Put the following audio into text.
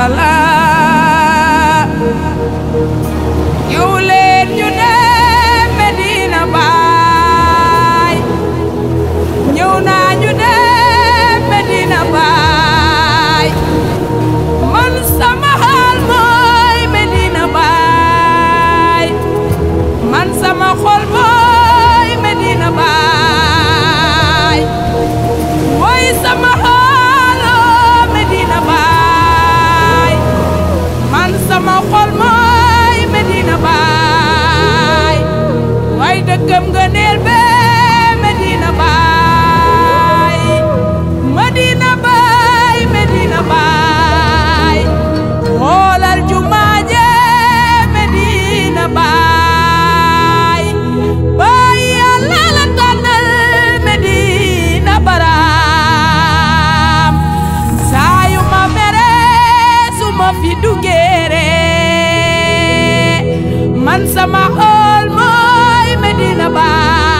la la ñëw leen ñu ne Medina Baay ñëw naa ñu ne Medina Baay man sama xaal mooy Medina Baay man sama xol mooy Medina Baay mooy sama dëkkam nga neel be Medina Baay Medina Baay Medina Baay xoolal jumaaje Medina Baay Baay la tànnal Medina Baraam saa yu ma fi duggee man sama in a bar.